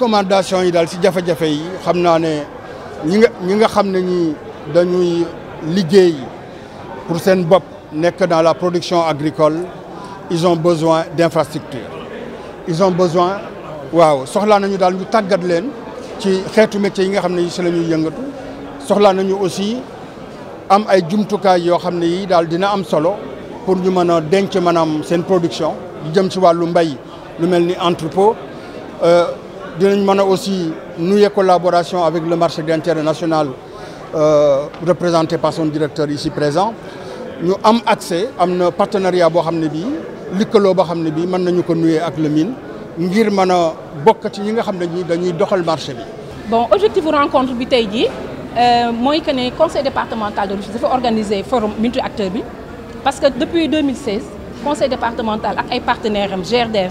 recommandation yi dal ci jafé jafé yi xamna né ñi nga xamné nga ñi dañuy liggéey pour sen bop nek dans la production agricole ils ont besoin d'infrastructures ils ont besoin waaw soxla nañu dal ñu tàggat leen ci xéetu métier yi nga xamné ci yi yëngatu soxla nañu aussi am ay jumtukaay yo xamné yi dal dina am solo pour ñu mëna denc manam sen production du jëm ci walu mbay lu melni entrepôt euh, nous avons aussi une collaboration avec le marché d'intérêt national euh, représenté par son directeur ici présent Nous avons accès à un partenariat à xam ne à lëkkaloo boo le mine Nous marché bon objectif de rencontre bi le euh, conseil départemental de Il faut organiser forum multi-acteurs parce que depuis 2016 le conseil départemental a un partenaires GRDR,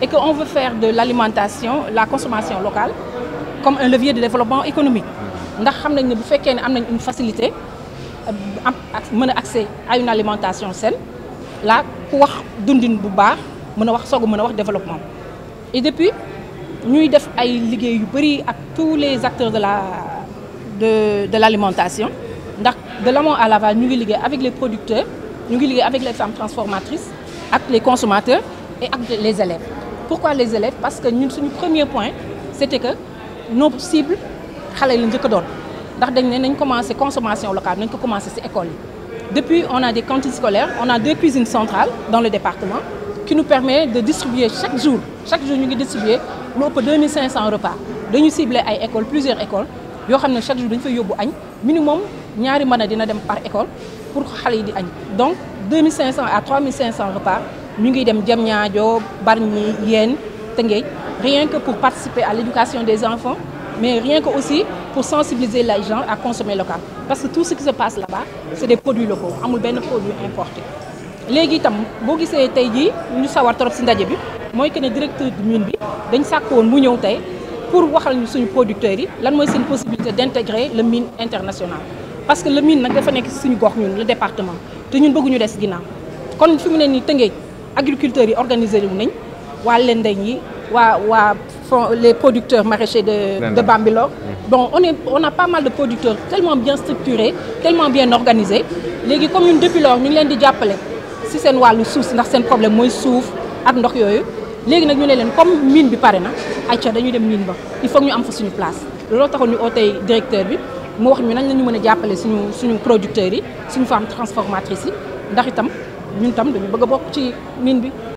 et qu'on veut faire de l'alimentation, la consommation locale, comme un levier de développement économique. Nous savons que si a une facilité, pour euh, accès à une alimentation saine la ku wax bu baax développement et depuis nous avons ay liggéey tous les acteurs de la de l'alimentation de l'amont à l'aval avec les producteurs nous avec les femmes transformatrices avec les consommateurs et avec les élèves pourquoi les élèves Parce que nous, notre premier point, c'était que nos cibles, les enfants, nous avons commencé la consommation locale, nous avons commencé l'école. Depuis, on a des cantines scolaires, on a deux cuisines centrales dans le département qui nous permet de distribuer chaque jour, chaque jour nous distribuons 2500 repas. Nous ciblons à écoles, plusieurs écoles. Nous avons chaque jour nous avons minimum ñaari par école pour les donc 2500 à 3500 repas ñu ngi dem Diamniadio Bargny rien que pour participer à l'éducation des enfants mais rien que aussi pour sensibiliser les gens à consommer local parce que tout ce qui se passe là-bas c'est des produits locaux amul benn produit importé léegi itam boo gisee tey jii ñu sawar trop ci ndaje bi mooy que ne directeur du mine bi dañ sàkk woon mu ñëw tey pour waxal ñu suñu producteurs yi lan mooy seen possibilité d'intégrer le mine international parce que le mine nag dafa nekk ci suñu gox ñun le département te ñun bëgguñu des ginnaaw kon nous mu ne nii agriculteurs yi organisé wu wa waa Lendeñ yi waa les producteurs maraîchers de de Bambilor mm. bon on est on a pas mal de producteurs tellement bien structurés tellement bien organisés Les comme depuis lors ñu ngi leen di c'est si le wàllu suuf ndax seen problème mooy suuf ak ndox yooyu léegi nag ñu comme mine bi pare na ayca dañuy dem mine ba il faut ñu am fa suñu place looloo taxoon ñu directeur bi mu wax ñu nañ la ñu mën suñu suñu producteurs yi suñu femmes transformatrices ndax itam ñun tam dañu bëgg a bokk ci mine bi